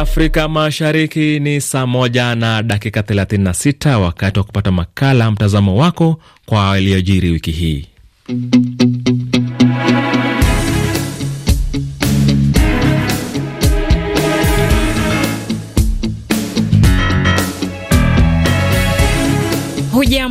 Afrika Mashariki ni saa moja na dakika 36, wakati wa kupata makala mtazamo wako kwa yaliyojiri wiki hii.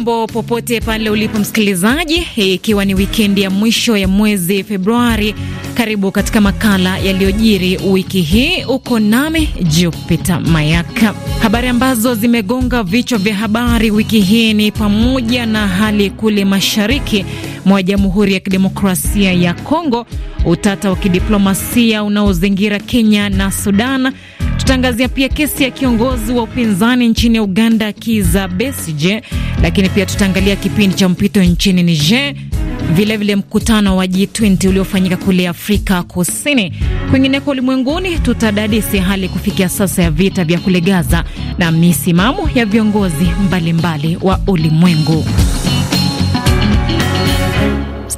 Jambo popote pale ulipo msikilizaji, ikiwa ni wikendi ya mwisho ya mwezi Februari, karibu katika makala yaliyojiri wiki hii. Uko nami Jupita Mayaka. Habari ambazo zimegonga vichwa vya habari wiki hii ni pamoja na hali kule mashariki mwa Jamhuri ya Kidemokrasia ya Kongo, utata wa kidiplomasia unaozingira Kenya na Sudan tutaangazia pia kesi ya kiongozi wa upinzani nchini Uganda Kiza Besije, lakini pia tutaangalia kipindi cha mpito nchini Niger, vilevile mkutano wa G20 uliofanyika kule Afrika Kusini. Kwingineko ulimwenguni, tutadadisi hali kufikia sasa ya vita vya kule Gaza na misimamo ya viongozi mbalimbali mbali wa ulimwengu.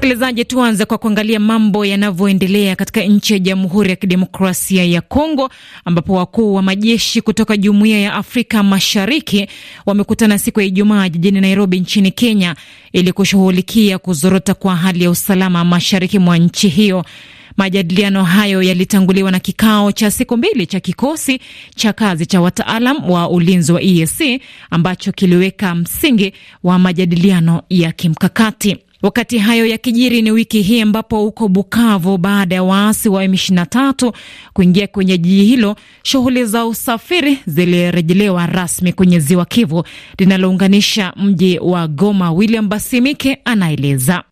Msikilizaji, tuanze kwa kuangalia mambo yanavyoendelea katika nchi ya Jamhuri ya Kidemokrasia ya Kongo, ambapo wakuu wa majeshi kutoka Jumuiya ya Afrika Mashariki wamekutana siku ya Ijumaa jijini Nairobi nchini Kenya ili kushughulikia kuzorota kwa hali ya usalama mashariki mwa nchi hiyo. Majadiliano hayo yalitanguliwa na kikao cha siku mbili cha kikosi cha kazi cha wataalam wa ulinzi wa EAC ambacho kiliweka msingi wa majadiliano ya kimkakati. Wakati hayo yakijiri, ni wiki hii ambapo huko Bukavu, baada ya waasi wa M23 kuingia kwenye jiji hilo, shughuli za usafiri zilirejelewa rasmi kwenye ziwa Kivu linalounganisha mji wa Goma. William Basimike anaeleza.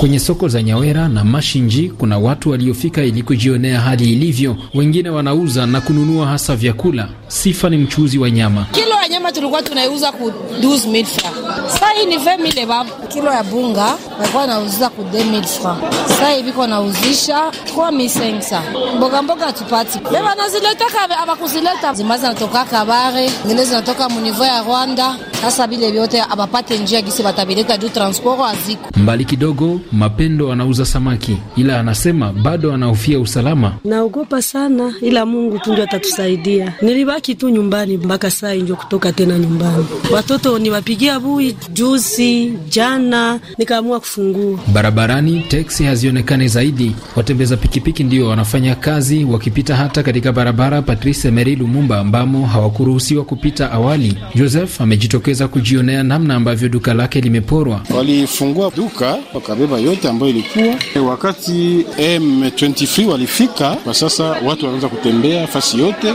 Kwenye soko za Nyawera na Mashinji kuna watu waliofika ili kujionea hali ilivyo. Wengine wanauza na kununua hasa vyakula. Sifa ni mchuuzi wa nyama. Kilo ya nyama tulikuwa tunaiuza ku sasa hii ni femile babu. Kilo ya bunga walikuwa wanauza ku sasa hivi kwa nauzisha kwa misengsa. Mboga mboga tupati leo, anazileta kabe kuzileta zimaza natoka Kabare, zingine zinatoka munivo ya Rwanda sasa vile vyote abapate njia gisi batavileta juu transport aziko mbali kidogo. Mapendo anauza samaki, ila anasema bado anahofia usalama. Naogopa sana, ila Mungu tu ndio atatusaidia. Nilibaki tu nyumbani mpaka saa njo kutoka tena nyumbani. Watoto niwapigia bui juzi jana, nikaamua kufungua barabarani. Teksi hazionekani zaidi, watembeza pikipiki ndio wanafanya kazi, wakipita hata katika barabara Patrice Emery Lumumba ambamo hawakuruhusiwa kupita awali. Joseph amejitoka kuweza kujionea namna ambavyo duka lake limeporwa. Walifungua duka wakabeba yote ambayo ilikuwa. Wakati M23 walifika, kwa sasa watu wanaanza kutembea fasi yote,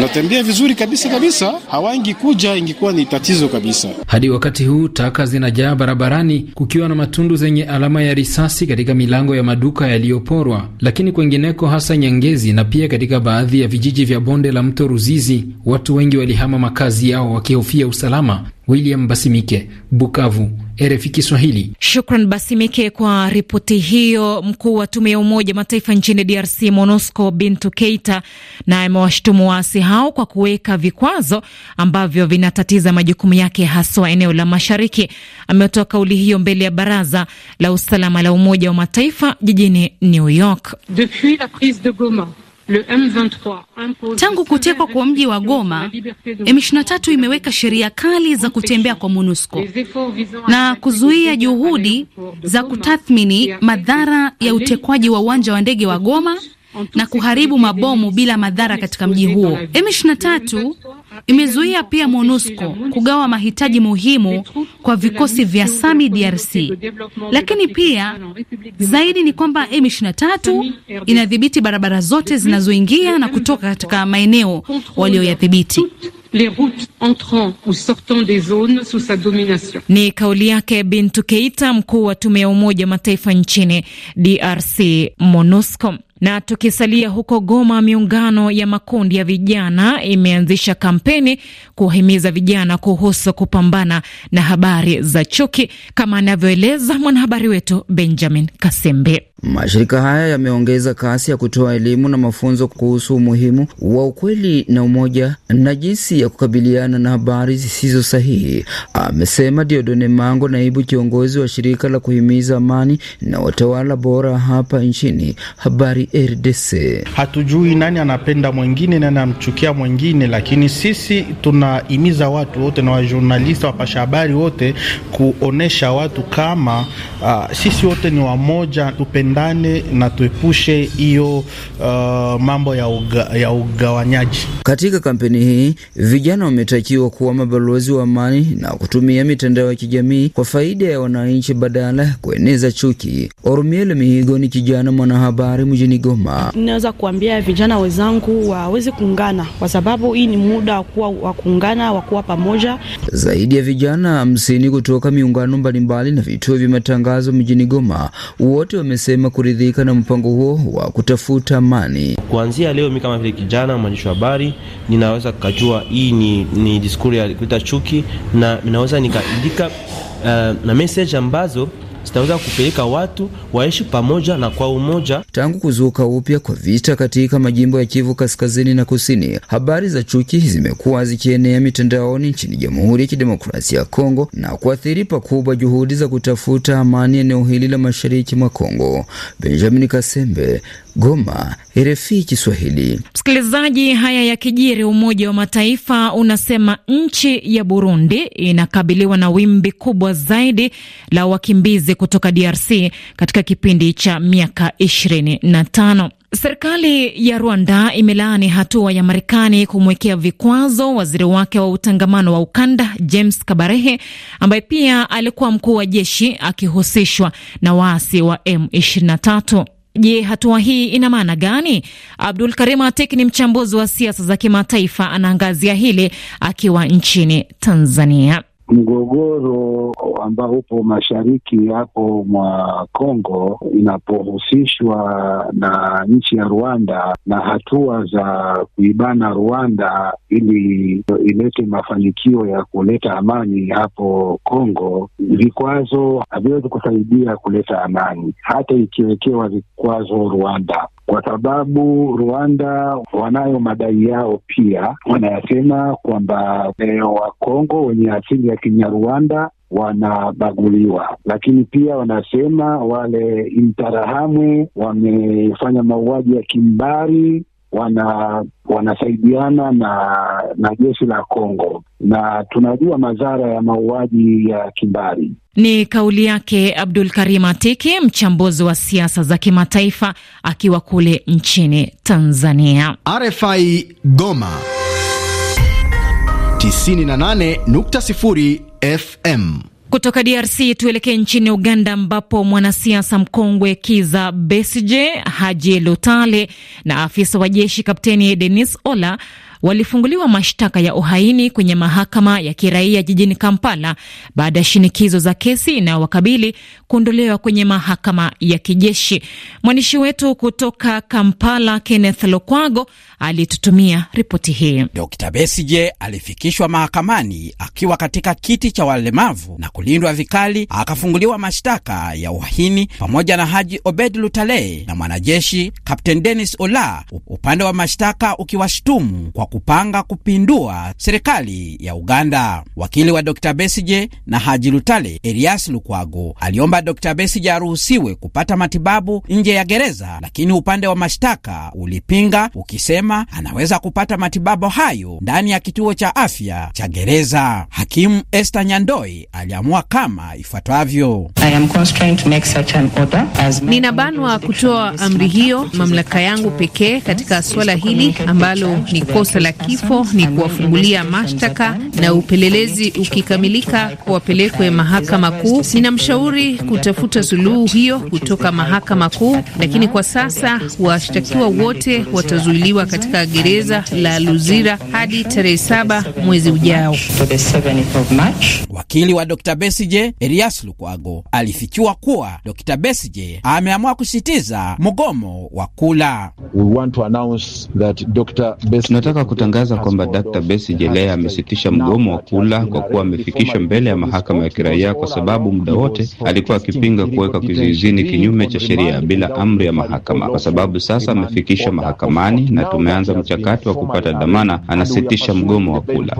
natembea vizuri kabisa kabisa, hawangi kuja, ingekuwa ni tatizo kabisa. Hadi wakati huu taka zinajaa barabarani, kukiwa na matundu zenye alama ya risasi katika milango ya maduka yaliyoporwa, lakini kwengineko, hasa Nyangezi na pia katika baadhi ya vijiji vya bonde la mto Ruzizi, watu wengi walihama makazi yao wakihofia usalama. William Basimike, Bukavu, RFI Kiswahili. Shukran Basimike kwa ripoti hiyo. Mkuu wa tume ya Umoja Mataifa nchini DRC MONUSCO Bintu Keita naye amewashutumu waasi hao kwa kuweka vikwazo ambavyo vinatatiza majukumu yake haswa eneo la mashariki. Ametoa kauli hiyo mbele ya Baraza la Usalama la Umoja wa Mataifa jijini New York. Depuis la prise de Goma Tangu kutekwa kwa mji wa Goma, M23 imeweka sheria kali za kutembea kwa MONUSCO na kuzuia juhudi za kutathmini madhara ya utekwaji wa uwanja wa ndege wa Goma na kuharibu mabomu bila madhara katika mji huo. M23 imezuia pia MONUSCO kugawa mahitaji muhimu kwa vikosi vya SAMI DRC. Lakini pia zaidi ni kwamba M23 inadhibiti barabara zote zinazoingia na kutoka katika maeneo walioyadhibiti. Ni kauli yake Bintu Keita, mkuu wa tume ya Umoja Mataifa nchini DRC, MONUSCO. Na tukisalia huko Goma, miungano ya makundi ya vijana imeanzisha kampeni kuwahimiza vijana kuhusu kupambana na habari za chuki, kama anavyoeleza mwanahabari wetu Benjamin Kasembe. Mashirika haya yameongeza kasi ya kutoa elimu na mafunzo kuhusu umuhimu wa ukweli na umoja na jinsi ya kukabiliana na habari zisizo sahihi, amesema Diodone Mango, naibu kiongozi wa shirika la kuhimiza amani na watawala bora hapa nchini Habari RDC. Hatujui nani anapenda mwengine, nani anamchukia mwengine, lakini sisi tunahimiza watu wote na wajurnalista, wapasha habari wote kuonesha watu kama uh, sisi wote ni wamoja tupendane na tuepushe hiyo uh, mambo ya, uga, ya ugawanyaji. Katika kampeni hii vijana wametakiwa kuwa mabalozi wa amani na kutumia mitandao ya kijamii kwa faida ya wananchi badala kueneza chuki. Orumiele Mihigo ni kijana mwanahabari mjini Goma. Ninaweza kuambia vijana wenzangu waweze kuungana, kwa sababu hii ni muda wa kuungana, wa kuwa pamoja. Zaidi ya vijana hamsini kutoka miungano mbalimbali na vituo vya matangazo mjini Goma wote wamesema amesema kuridhika na mpango huo wa kutafuta amani. Kuanzia leo, mi kama vile kijana mwandishi wa habari ninaweza kukajua hii ni, ni diskuri ya kuleta chuki na ninaweza nikaandika uh, na message ambazo zitaweza kupeleka watu waishi pamoja na kwa umoja. Tangu kuzuka upya kwa vita katika majimbo ya Kivu kaskazini na kusini, habari za chuki zimekuwa zikienea mitandaoni nchini Jamhuri ya Kidemokrasia ya Kongo na kuathiri pakubwa juhudi za kutafuta amani eneo hili la mashariki mwa Kongo. Benjamin Kasembe, Goma, RFI Kiswahili. Msikilizaji, haya ya kijiri, Umoja wa Mataifa unasema nchi ya Burundi inakabiliwa na wimbi kubwa zaidi la wakimbizi kutoka DRC katika kipindi cha miaka 25. Serikali ya Rwanda imelaani hatua ya Marekani kumwekea vikwazo waziri wake wa utangamano wa ukanda James Kabarehe, ambaye pia alikuwa mkuu wa jeshi akihusishwa na waasi wa M23. Je, hatua hii ina maana gani? Abdul Karim Atik ni mchambuzi wa siasa za kimataifa, anaangazia hili akiwa nchini Tanzania mgogoro ambao upo mashariki hapo mwa Kongo inapohusishwa na nchi ya Rwanda na hatua za kuibana Rwanda ili ilete mafanikio ya kuleta amani hapo Kongo, vikwazo haviwezi kusaidia kuleta amani, hata ikiwekewa vikwazo Rwanda kwa sababu Rwanda wanayo madai yao pia, wanayasema kwamba e, Wakongo wenye asili ya Kinyarwanda wanabaguliwa, lakini pia wanasema wale Interahamwe wamefanya mauaji ya kimbari wana wanasaidiana na na jeshi la Kongo na tunajua madhara ya mauaji ya kimbari. Ni kauli yake Abdul Karim Atiki, mchambuzi wa siasa za kimataifa akiwa kule nchini Tanzania. RFI Goma 98.0 FM. Kutoka DRC tuelekee nchini Uganda, ambapo mwanasiasa mkongwe Kiza Besije, Haji Lutale na afisa wa jeshi Kapteni Denis Ola walifunguliwa mashtaka ya uhaini kwenye mahakama ya kiraia jijini Kampala baada ya shinikizo za kesi inayowakabili kuondolewa kwenye mahakama ya kijeshi. Mwandishi wetu kutoka Kampala, Kenneth Lukwago, alitutumia ripoti hii. d Besigye alifikishwa mahakamani akiwa katika kiti cha walemavu na kulindwa vikali, akafunguliwa mashtaka ya uhaini pamoja na Haji Obed Lutale na mwanajeshi Kapten Denis Ola, upande wa mashtaka ukiwashtumu kwa kupanga kupindua serikali ya Uganda. Wakili wa d Besigye na Haji Lutale, Elias Lukwago, aliomba Dr Besigye aruhusiwe kupata matibabu nje ya gereza, lakini upande wa mashtaka ulipinga ukisema anaweza kupata matibabu hayo ndani ya kituo cha afya cha gereza. Hakimu Esther Nyandoi aliamua kama ifuatavyo: ninabanwa kutoa amri hiyo. Mamlaka yangu pekee katika suala hili ambalo ni kosa la kifo ni kuwafungulia mashtaka, na upelelezi ukikamilika, kuwapelekwe mahakama kuu. Ninamshauri kutafuta suluhu hiyo kutoka mahakama kuu, lakini kwa sasa washtakiwa wote watazuiliwa katika gereza la Luzira hadi tarehe saba mwezi ujao. Wakili wa Dr. Besije Elias Lukwago alifichua kuwa Dr. Besije ameamua kusitiza mgomo wa kula. Tunataka kutangaza kwamba Dr. Besije leo amesitisha mgomo wa kula kwa kuwa amefikishwa mbele ya mahakama ya kiraia kwa sababu muda wote alikuwa alikuwa akipinga kuweka kizuizini kinyume cha sheria bila amri ya mahakama, kwa sababu sasa amefikishwa mahakamani na tumeanza mchakato wa kupata dhamana, anasitisha mgomo wa kula.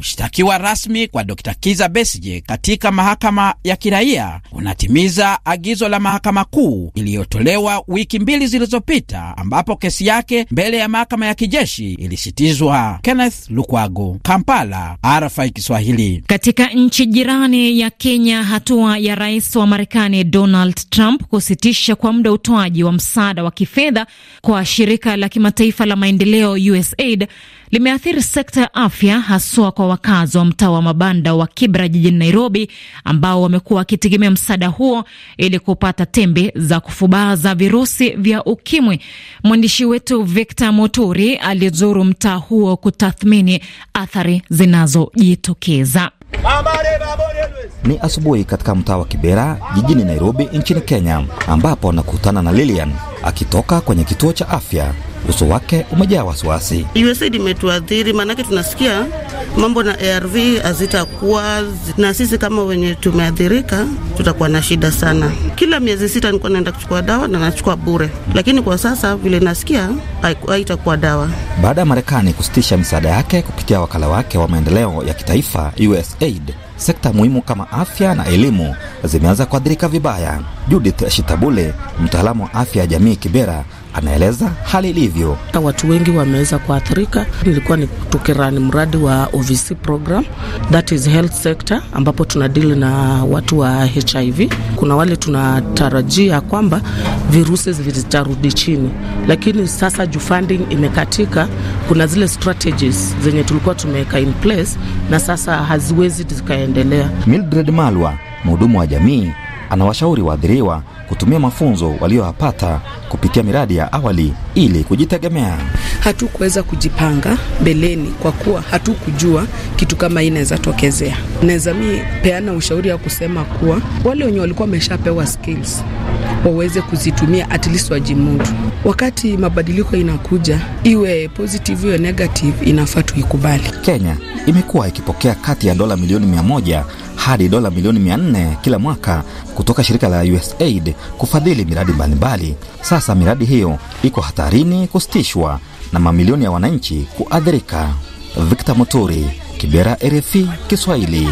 Mshtakiwa rasmi kwa Dr. Kiza Besije katika mahakama ya kiraia unatimiza agizo la mahakama kuu iliyotolewa wiki mbili zilizopita, ambapo kesi yake mbele ya mahakama ya kijeshi ilisitizwa. Kenneth Lukwago, Kampala, RFI Kiswahili. Katika nchi jirani ya Kenya hatua ya rais wa Marekani Donald Trump kusitisha kwa muda utoaji wa msaada wa kifedha kwa shirika la kimataifa la maendeleo USAID limeathiri sekta ya afya, haswa kwa wakazi wa mtaa wa mabanda wa Kibra jijini Nairobi, ambao wamekuwa wakitegemea msaada huo ili kupata tembe za kufubaza virusi vya ukimwi. Mwandishi wetu Victor Moturi alizuru mtaa huo kutathmini athari zinazojitokeza. Ni asubuhi katika mtaa wa Kibera jijini Nairobi nchini Kenya, ambapo anakutana na Lilian akitoka kwenye kituo cha afya. Uso wake umejaa wasiwasi. USAID imetuadhiri, maanake tunasikia mambo na ARV hazitakuwa, na sisi kama wenye tumeadhirika tutakuwa na shida sana. Kila miezi sita nilikuwa naenda kuchukua dawa na nachukua bure, lakini kwa sasa vile nasikia haitakuwa dawa. Baada ya Marekani kusitisha misaada yake kupitia wakala wake wa maendeleo ya kitaifa USAID sekta muhimu kama afya na elimu zimeanza kuathirika vibaya. Judith Shitabule, mtaalamu wa afya ya jamii Kibera, anaeleza hali ilivyo. Na watu wengi wameweza kuathirika. Ilikuwa ni tukirani mradi wa OVC program, that is health sector, ambapo dili na watu wa HIV. Kuna wale tunatarajia kwamba virusi vitarudi chini, lakini sasa juu funding imekatika, kuna zile strategies zenye tulikuwa tumeweka in place na sasa haziwezi zikaendelea. Mildred Malwa, mhudumu wa jamii anawashauri waadhiriwa kutumia mafunzo waliyoyapata kupitia miradi ya awali ili kujitegemea. Hatukuweza kujipanga mbeleni kwa kuwa hatukujua kitu kama hii inaweza tokezea. Naweza mi peana ushauri ya kusema kuwa wale wenye walikuwa wameshapewa skills waweze kuzitumia at least wajimudu. Wakati mabadiliko inakuja, iwe positive iwe negative, inafaa tuikubali. Kenya imekuwa ikipokea kati ya dola milioni mia moja hadi dola milioni 400 kila mwaka kutoka shirika la USAID kufadhili miradi mbalimbali. Sasa miradi hiyo iko hatarini kusitishwa na mamilioni ya wananchi kuathirika. Victor Muturi, Kibera, RFI Kiswahili.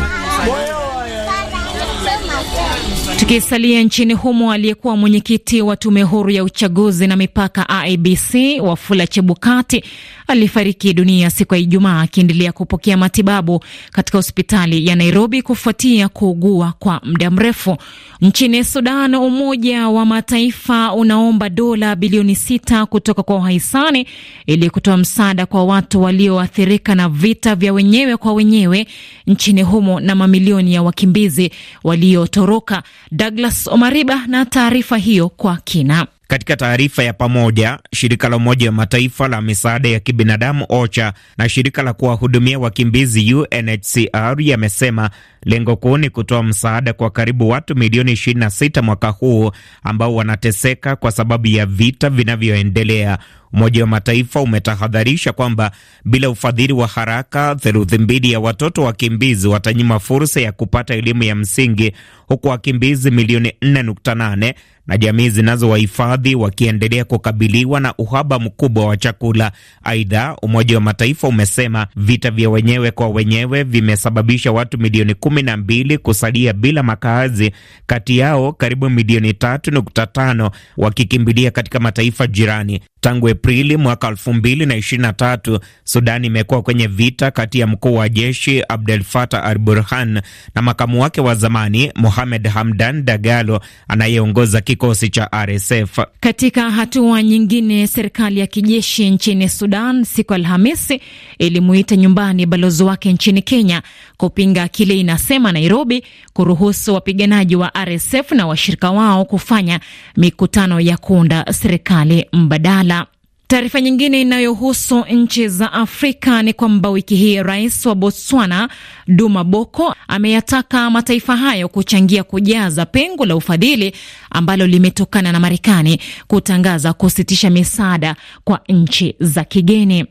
Tukisalia nchini humo, aliyekuwa mwenyekiti wa tume huru ya uchaguzi na mipaka IEBC Wafula Chebukati alifariki dunia siku ya Ijumaa akiendelea kupokea matibabu katika hospitali ya Nairobi kufuatia kuugua kwa muda mrefu. Nchini Sudan, Umoja wa Mataifa unaomba dola bilioni sita kutoka kwa wahisani ili kutoa msaada kwa watu walioathirika na vita vya wenyewe kwa wenyewe nchini humo na mamilioni ya wakimbizi waliotoroka. Douglas Omariba na taarifa hiyo kwa kina. Katika taarifa ya pamoja, shirika la Umoja wa Mataifa la misaada ya kibinadamu OCHA na shirika la kuwahudumia wakimbizi UNHCR yamesema lengo kuu ni kutoa msaada kwa karibu watu milioni 26 mwaka huu ambao wanateseka kwa sababu ya vita vinavyoendelea. Umoja wa Mataifa umetahadharisha kwamba bila ufadhili wa haraka, theluthi mbili ya watoto wakimbizi watanyima fursa ya kupata elimu ya msingi, huku wakimbizi milioni 4.8 na jamii zinazowahifadhi wakiendelea kukabiliwa na uhaba mkubwa wa chakula. Aidha, Umoja wa Mataifa umesema vita vya wenyewe kwa wenyewe vimesababisha watu milioni kumi na mbili kusalia bila makazi, kati yao karibu milioni tatu nukta tano wakikimbilia katika mataifa jirani. Tangu Aprili mwaka 2023 Sudani imekuwa kwenye vita kati ya mkuu wa jeshi Abdel Fattah al Burhan na makamu wake wa zamani Mohamed Hamdan Dagalo anayeongoza kikosi cha RSF. Katika hatua nyingine, serikali ya kijeshi nchini Sudan siku Alhamisi ilimuita nyumbani balozi wake nchini Kenya kupinga kile inasema Nairobi kuruhusu wapiganaji wa RSF na washirika wao kufanya mikutano ya kuunda serikali mbadala. Taarifa nyingine inayohusu nchi za Afrika ni kwamba wiki hii rais wa Botswana Duma Boko ameyataka mataifa hayo kuchangia kujaza pengo la ufadhili ambalo limetokana na Marekani kutangaza kusitisha misaada kwa nchi za kigeni.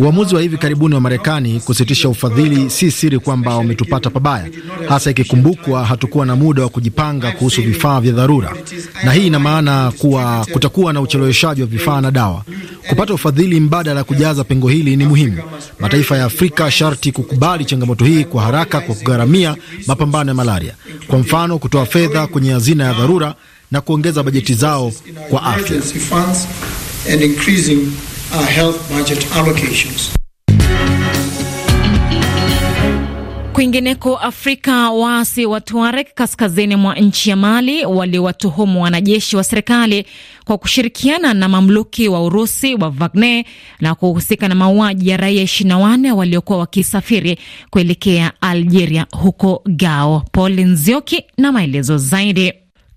Uamuzi wa hivi karibuni wa Marekani kusitisha ufadhili, si siri kwamba wametupata pabaya, hasa ikikumbukwa hatukuwa na muda wa kujipanga kuhusu vifaa vya dharura, na hii ina maana kuwa kutakuwa na ucheleweshaji wa vifaa na dawa. Kupata ufadhili mbadala ya kujaza pengo hili ni muhimu. Mataifa ya Afrika sharti kukubali changamoto hii kwa haraka kwa kugharamia mapambano ya malaria, kwa mfano kutoa fedha kwenye hazina ya dharura na kuongeza bajeti zao kwa afya. Uh, Kwingineko Afrika, waasi wa Tuareg kaskazini mwa nchi ya Mali waliwatuhumu wanajeshi wa serikali kwa kushirikiana na mamluki wa Urusi wa Wagner na kuhusika na mauaji ya raia 24 waliokuwa wakisafiri kuelekea Algeria, huko Gao. Paul Nzioki na maelezo zaidi.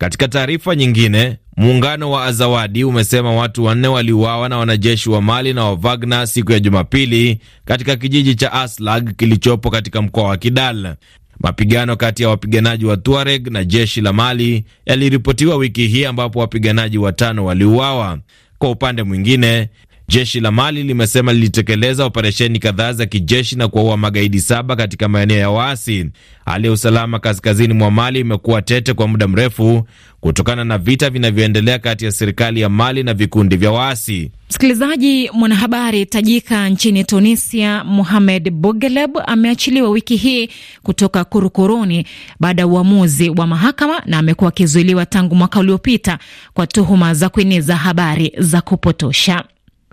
Katika taarifa nyingine, muungano wa Azawadi umesema watu wanne waliuawa na wanajeshi wa Mali na wa Wagner siku ya Jumapili katika kijiji cha Aslag kilichopo katika mkoa wa Kidal. Mapigano kati ya wapiganaji wa Tuareg na jeshi la Mali yaliripotiwa wiki hii ambapo wapiganaji watano waliuawa. Kwa upande mwingine Jeshi la Mali limesema lilitekeleza operesheni kadhaa za kijeshi na kuwaua magaidi saba katika maeneo ya waasi. Hali ya usalama kaskazini mwa Mali imekuwa tete kwa muda mrefu kutokana na vita vinavyoendelea kati ya serikali ya Mali na vikundi vya waasi. Msikilizaji, mwanahabari tajika nchini Tunisia Mohamed Bougeleb ameachiliwa wiki hii kutoka kurukuruni baada ya uamuzi wa mahakama, na amekuwa akizuiliwa tangu mwaka uliopita kwa tuhuma za kueneza habari za kupotosha.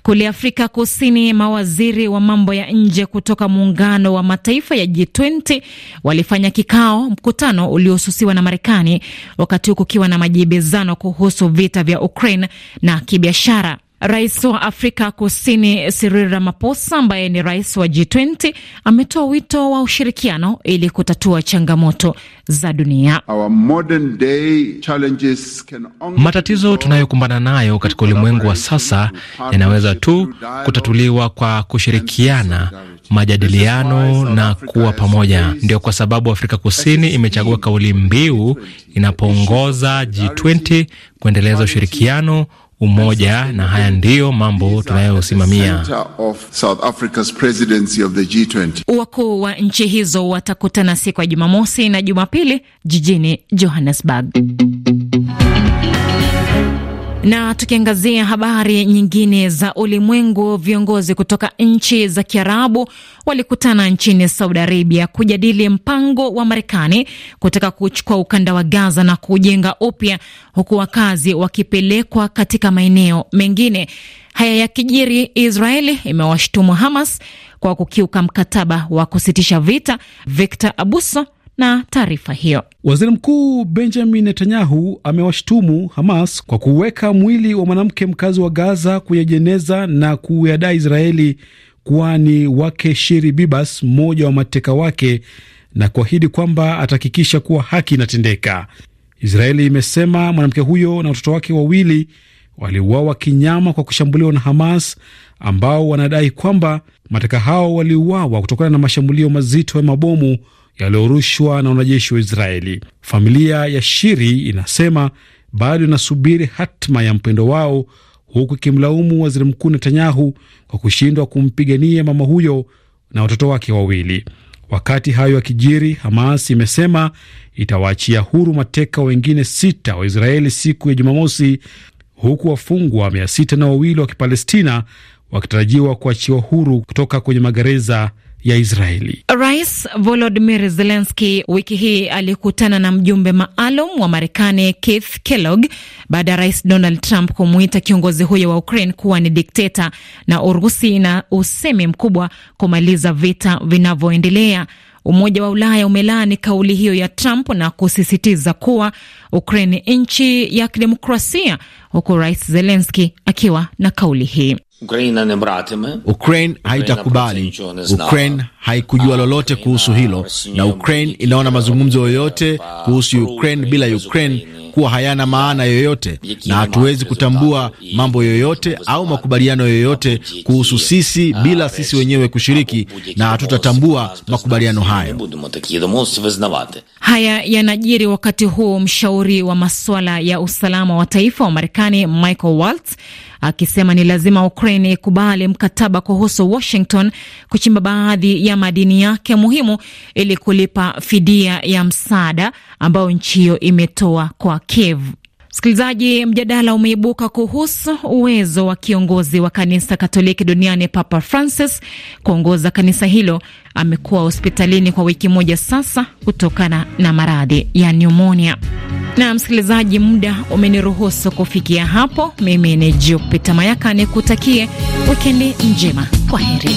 Kule Afrika Kusini, mawaziri wa mambo ya nje kutoka muungano wa mataifa ya G20 walifanya kikao, mkutano uliosusiwa na Marekani, wakati huu kukiwa na majibizano kuhusu vita vya Ukraine na kibiashara. Rais wa Afrika Kusini Cyril Ramaphosa ambaye ni rais wa G20 ametoa wito wa ushirikiano ili kutatua changamoto za dunia. Matatizo tunayokumbana nayo katika ulimwengu wa sasa yanaweza tu kutatuliwa kwa kushirikiana, majadiliano na kuwa pamoja. Ndio kwa sababu Afrika Kusini imechagua kauli mbiu inapoongoza G20 kuendeleza ushirikiano umoja, na haya ndiyo mambo tunayosimamia. Wakuu wa nchi hizo watakutana siku ya Jumamosi na Jumapili jijini Johannesburg. Na tukiangazia habari nyingine za ulimwengu, viongozi kutoka nchi za Kiarabu walikutana nchini Saudi Arabia kujadili mpango wa Marekani kutaka kuchukua ukanda wa Gaza na kujenga upya, huku wakazi wakipelekwa katika maeneo mengine. Haya ya kijiri Israeli imewashtumu Hamas kwa kukiuka mkataba wa kusitisha vita. Victor Abuso na taarifa hiyo. Waziri Mkuu Benjamin Netanyahu amewashtumu Hamas kwa kuweka mwili wa mwanamke mkazi wa Gaza kwenye jeneza na kuyadai Israeli kuwa ni wake Shiri Bibas, mmoja wa mateka wake, na kuahidi kwamba atahakikisha kuwa haki inatendeka. Israeli imesema mwanamke huyo na watoto wake wawili waliuawa kinyama kwa kushambuliwa na Hamas, ambao wanadai kwamba mateka hao waliuawa kutokana na mashambulio mazito ya mabomu yaliyorushwa na wanajeshi wa Israeli. Familia ya Shiri inasema bado inasubiri hatima ya mpendo wao, huku ikimlaumu waziri mkuu Netanyahu kwa kushindwa kumpigania mama huyo na watoto wake wawili. Wakati hayo yakijiri, Hamas imesema itawaachia huru mateka wengine sita wa Israeli siku ya Jumamosi, huku wafungwa mia sita na wawili wa Kipalestina wakitarajiwa kuachiwa huru kutoka kwenye magereza ya Israeli. Rais Volodymyr Zelensky wiki hii alikutana na mjumbe maalum wa Marekani Keith Kellogg baada ya Rais Donald Trump kumwita kiongozi huyo wa Ukraine kuwa ni dikteta na Urusi na usemi mkubwa kumaliza vita vinavyoendelea. Umoja wa Ulaya umelaani kauli hiyo ya Trump na kusisitiza kuwa Ukraine ni nchi ya kidemokrasia, huku Rais Zelensky akiwa na kauli hii. Ukraine haitakubali, Ukraine haikujua lolote kuhusu hilo, na Ukraine inaona mazungumzo yoyote kuhusu Ukraine bila Ukraine kuwa hayana maana yoyote, na hatuwezi kutambua mambo yoyote au makubaliano yoyote kuhusu sisi bila sisi wenyewe kushiriki, na hatutatambua makubaliano hayo. Haya yanajiri wakati huu mshauri wa masuala ya usalama wa taifa wa Marekani Michael Waltz akisema ni lazima Ukraine ikubali mkataba kuhusu Washington kuchimba baadhi ya kuuzia madini yake muhimu ili kulipa fidia ya msaada ambayo nchi hiyo imetoa kwa Kiev. Msikilizaji, mjadala umeibuka kuhusu uwezo wa kiongozi wa kanisa Katoliki duniani Papa Francis kuongoza kanisa hilo. Amekuwa hospitalini kwa wiki moja sasa kutokana na maradhi ya nyumonia. Na msikilizaji, muda umeniruhusu kufikia hapo. Mimi ni Jupita Mayaka, nikutakie wikendi njema. Kwa heri.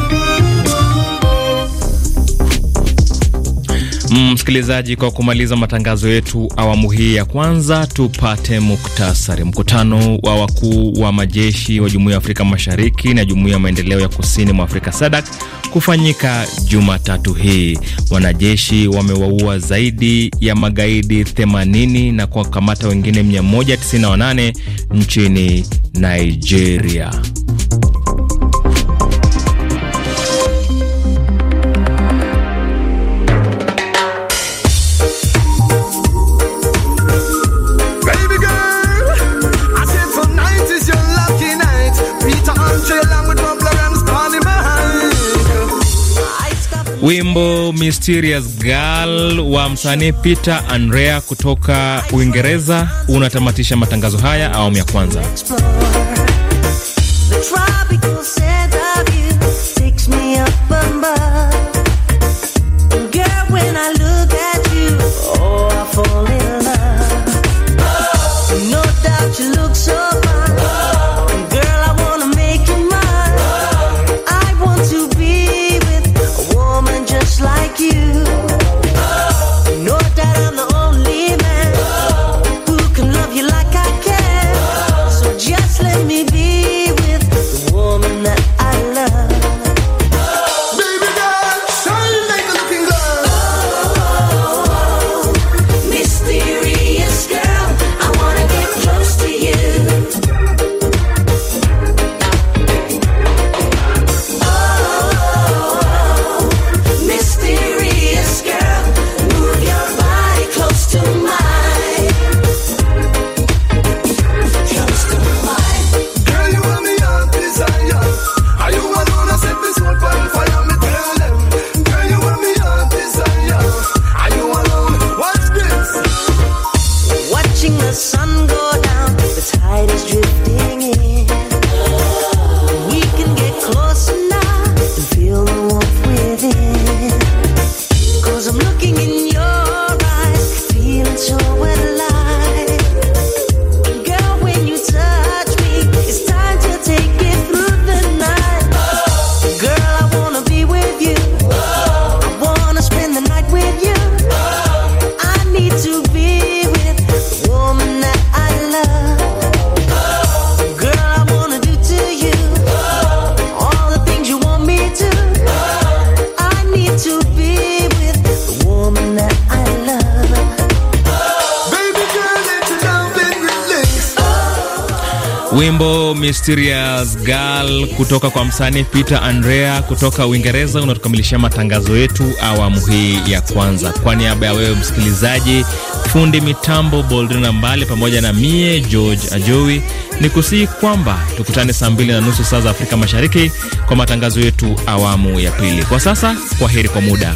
Mm, msikilizaji, kwa kumaliza matangazo yetu awamu hii ya kwanza, tupate muktasari. Mkutano wa wakuu wa majeshi wa Jumuiya ya Afrika Mashariki na Jumuiya ya Maendeleo ya Kusini mwa Afrika SADAK kufanyika Jumatatu hii. Wanajeshi wamewaua zaidi ya magaidi 80 na kuwakamata wengine 198 nchini Nigeria. Wimbo Mysterious Girl wa msanii Peter Andrea kutoka Uingereza unatamatisha matangazo haya awamu ya kwanza. Wimbo Mysterious Girl kutoka kwa msanii Peter Andrea kutoka Uingereza unatukamilishia matangazo yetu awamu hii ya kwanza. Kwa niaba ya wewe msikilizaji, fundi mitambo Boldrin na Mbale pamoja na mie George Ajowi, ni kusihi kwamba tukutane saa mbili na nusu saa za Afrika Mashariki kwa matangazo yetu awamu ya pili. Kwa sasa, kwa heri kwa muda.